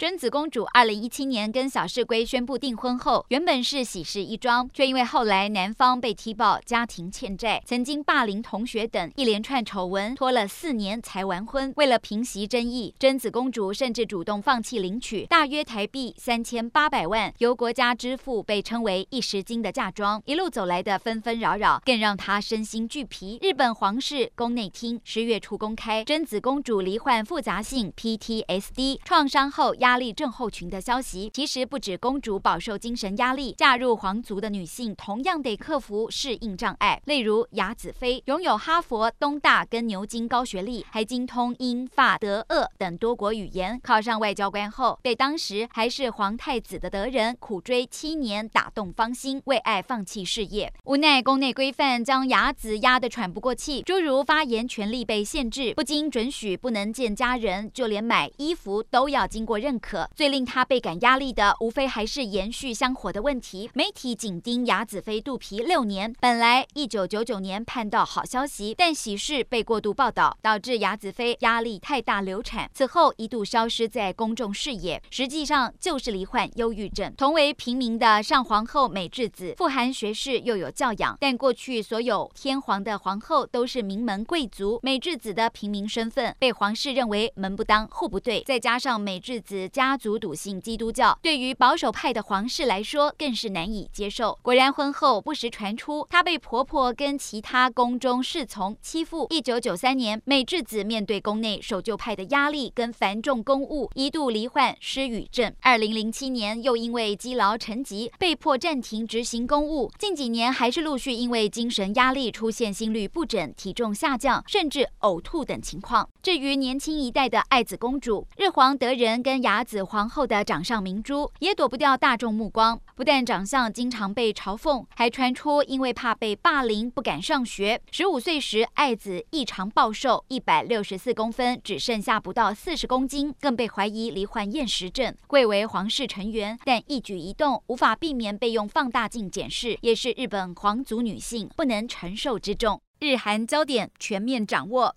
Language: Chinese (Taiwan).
真子公主二零一七年跟小室圭宣布訂婚後，原本是喜事一樁，卻因為後來男方被踢爆家庭欠債、曾經霸凌同學等一連串醜聞，拖了四年才完婚。為了平息爭議，真子公主甚至主動放棄領取大約台幣三千八百萬由國家支付被稱為“一時金”的嫁妝。一路走來的紛紛擾擾，更讓她身心俱疲。日本皇室宮內廳十月初公開，真子公主罹患複雜性 PTSD 創傷後壓。壓力症候群的消息，其實不止公主飽受精神壓力，嫁入皇族的女性同樣得克服適應障礙。例如雅子妃，擁有哈佛、東大跟牛津高學歷，還精通英、法、德、俄等多國語言。考上外交官後，被當時還是皇太子的德仁苦追七年，打動芳心，為愛放棄事業。無奈宮內規範將雅子壓得喘不過氣，諸如發言權利被限制，不經准許不能見家人，就連買衣服都要經過認可。可最令他倍感壓力的，無非還是延續香火的問題。媒體緊盯雅子妃肚皮六年，本來一九九九年盼到好消息，但喜事被過度報道，導致雅子妃壓力太大流產。此後一度消失在公眾視野，實際上就是罹患憂鬱症。同為平民的上皇后美智子，富含學識又有教養，但過去所有天皇的皇後都是名門貴族，美智子的平民身份被皇室認為門不當戶不對，再加上美智子。家族篤信基督教，對於保守派的皇室來說更是難以接受。果然，婚後不時傳出她被婆婆跟其他宮中侍從欺負。一九九三年，美智子面對宮內守舊派的壓力跟繁重公務，一度罹患失語症。二零零七年，又因為積勞成疾，被迫暫停執行公務。近幾年，還是陸續因為精神壓力出現心律不整、體重下降，甚至嘔吐等情況。至於年輕一代的愛子公主，日皇德仁跟雅雅子皇後的掌上明珠也躲不掉大眾目光，不但長相經常被嘲諷，還傳出因為怕被霸凌不敢上學。十五歲時，愛子異常暴瘦，一百六十四公分只剩下不到四十公斤，更被懷疑罹患厭食症。貴為皇室成員，但一舉一動無法避免被用放大鏡檢視，也是日本皇族女性不能承受之重。日韓焦點全面掌握。